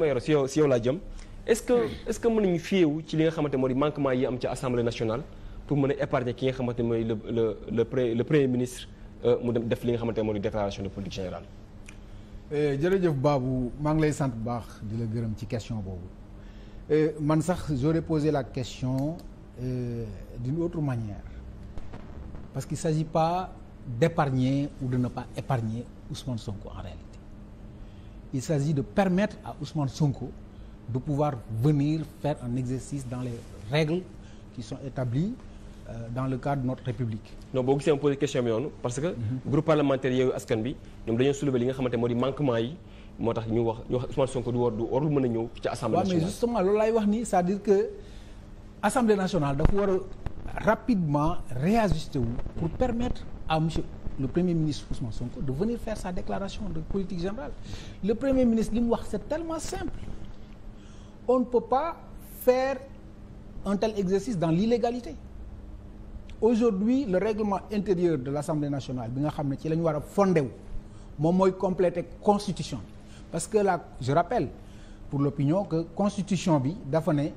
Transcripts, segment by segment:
ma yow laa jëm est-ce que est-ce que mën nañu féewu ci li nga xamante moo di manquement yi am ci assemblée nationale pour mën a épargner ki nga xamante mooy le le le le premier ministre euh, mu dem def li nga xamante moo di déclaration de politique générale. Euh, jërëjëf baabu maa ngi lay sant bu baax di la gërëm ci question boobu euh, man sax j'aurais posé la question d'une autre manière parce qu'il s'agit pas d'épargner ou de ne pas épargner Ousmane Sonko en il s'agit de permettre à Ousmane Sonko de pouvoir venir faire un exercice dans les règles qui sont établies euh, dans le cadre de notre République. non boo gisee ma posé question bi noonu parce que. Mm -hmm. groupe parlementaire Yewwi Askan Wi ñoom dañoo soulever li nga xamante moo di manquement yi moo tax ñu wax ñu wax Ousmane Sonko du war du warul mën a ñëw ci assemblée nationale. justement loolu laay wax ni c'est-à-dire que assemblée nationale dafa war a rapidement réajuster wu le premier ministre Ousmane Sonko de venir faire sa déclaration de politique générale le premier ministre li mu wax c'est tellement simple on ne peut pas faire un tel exercice dans l'illégalité aujourd'hui le règlement intérieur de l'Assemblée nationale bi nga xam ne ci lañu war a fondé wu moom mooy compléter constitution parce que là je rappelle pour l'opinion que constitution bi dafa ne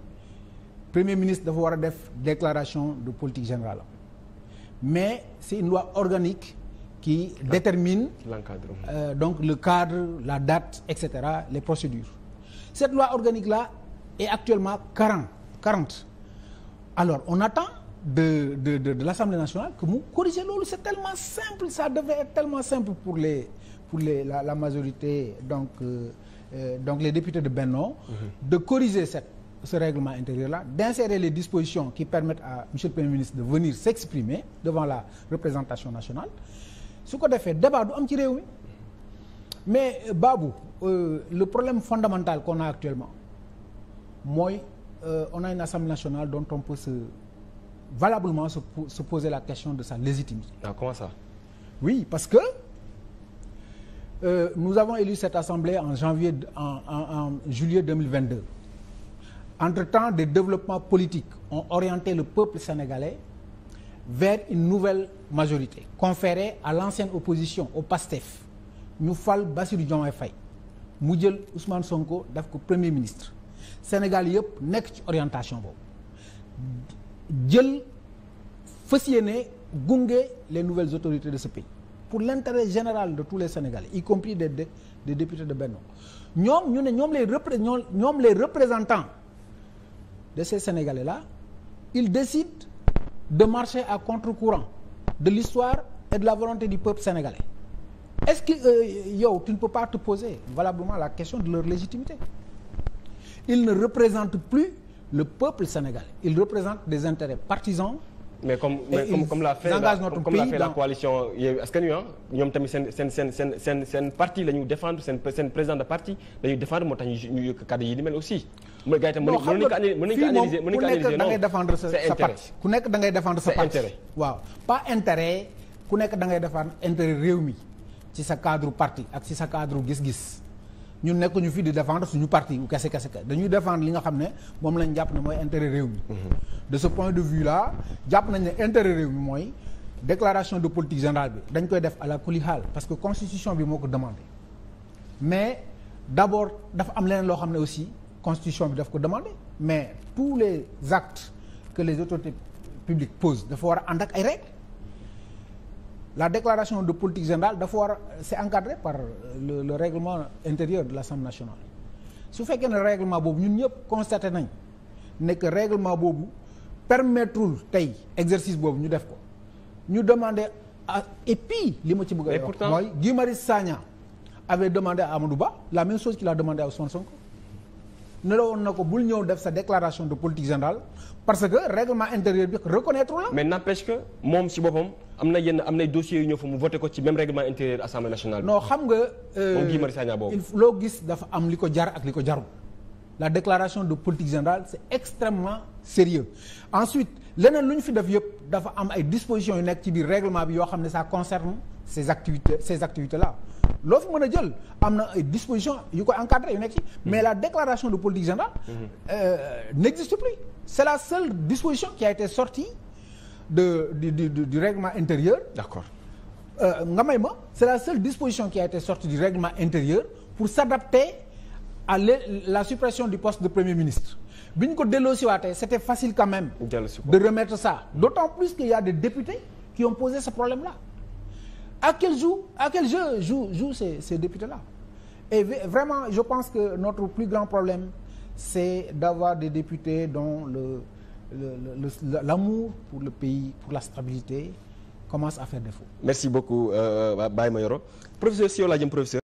premier ministre dafa war a def déclaration de politique générale mais c'est une loi organique qui détermine euh, donc le cadre, la date, etc., les procédures. Cette loi organique-là est actuellement 40. 40. Alors, on attend de, de, de, de l'Assemblée nationale que nous corrigions l'eau. C'est tellement simple, ça devait être tellement simple pour, les, pour les, la, la majorité, donc, euh, euh, donc les députés de Benon, mmh. de corriger cette, ce règlement intérieur-là, d'insérer les dispositions qui permettent à M. le Premier ministre de venir s'exprimer devant la représentation nationale. su ko defee débat du am ci réew mais euh, Babou euh, le problème fondamental qu'on actuellement mooy euh, on a une assemblée nationale dont on peut se valablement se, la question de sa légitimité. Ah, comment ça? parce que euh, nous avons élu cette assemblée en janvier en en, en juillet 2022. Entre-temps, des développements politiques ont orienté le peuple sénégalais vers une nouvelle majorité conférée à l'ancienne opposition au PASTEF ñu fal Bassirou Diomaye fay mu jël Ousmane Sonko daf ko premier ministre Sénégal yëpp nekk ci orientation boobu jël fas yéene gunge les nouvelles autorités de ce pays pour l'intérêt général de tous les Sénégalais y compris des des, des députés de Benno ñoom ñu ne ñoom les repré ñoom les représentants de ces Sénégalais là ils décident de marcher à contre-courant de l'histoire et de la volonté du peuple sénégalais est-ce que euh, yow tu ne peux pas te poser valablement la question de leur légitimité ils ne représentent plus le peuple sénégalais ils représentent des intérêts partisans mais comme mais comme comme la fait la comme la fait la coalition Yewwi Askan Wi ah ñoom tamit seen seen seen seen seen seen parti la ñu défendre seen seen président de parti la ñu défendre moo tax ñu yëkk kàddu yi ni mel aussi. mooy gars yi tam mën nañu ko mën nañu ko analyser mën nañu ko analyser non c'est intérêt ku nekk da ngay défendre sa parti waaw pas intérêt ku nekk da ngay défendre intérêt réew mi ci sa cadre parti ak ci sa cadre gis-gis. ñun nekkuñu fi di défendre suñu parti bu kese kese dañuy défendre li nga xam ne moom lañ jàpp ne mooy intérêt réew mi. Mhm. de ce point de vue là jàpp nañ ne intérêt réew mi mooy déclaration de politique générale bi dañ koy def à la kulihal parce que constitution bi moo ko demandé mais d' abord dafa am leneen loo xam ne aussi constitution bi daf ko demandé mais tous les actes que les autorités publiques posent dafa war a ànd ak ay règles. la déclaration de politique générale dafa war c'est encadré par le, le règlement intérieur de l'Assemblée nationale su fekkee ne règlement boobu ñun ñëpp constaté nañ nekk règlement boobu permettrul tey exercice boobu ñu def ko ñu demandé à et li ma ci bëgg a wax mooy Guy Marius Sagna avait demandé à Amadou Ba la même chose qu'il a demandé à Ousmane Sonko ne woon na ko bul ñëw def sa déclaration de politique générale parce que règlement intérieur bi reconnaître la. mais n'empêche que moom si boppam am na yenn am nay dossiers yu ñëw fa mu voté ko ci même règlement intérieur assemblée nationale. noo xam nga. Euh, moom Guy Marius Sagna boobu loo gis dafa am li ko jar ak li ko jarul. la déclaration de politique générale c'est extrêmement sérieux ensuite leneen lu ñu fi def yëpp dafa am ay disposition yu nekk ci biir règlement bi yoo xam ne ça concerne ces activités ces activités là. loo fi mën a jël am na ay dispositions yu ko encadré yu nekk ci mm-hmm. mais la déclaration de politique générale mm-hmm. euh, n'existe plus c'est la seule disposition qui a été sortie de du du du règlement intérieur euh, nga may ma c'est la seule disposition qui a été sortie du règlement intérieur pour s'adapter à la suppression du poste de premier ministre bi ñu ko delloosiwaatee c'était facile quand même de remettre ça d'autant plus qu'il y a des députés qui ont posé ce problème-là à quel jour à quel jeu jouent jouent ces ces députés-là et vraiment je pense que notre plus grand problème c'est d'avoir des députés dont le le le l'amour pour le pays pour la stabilité commence à faire défaut. merci beaucoup euh, Baye Mayoro professeur si yow laa professeur.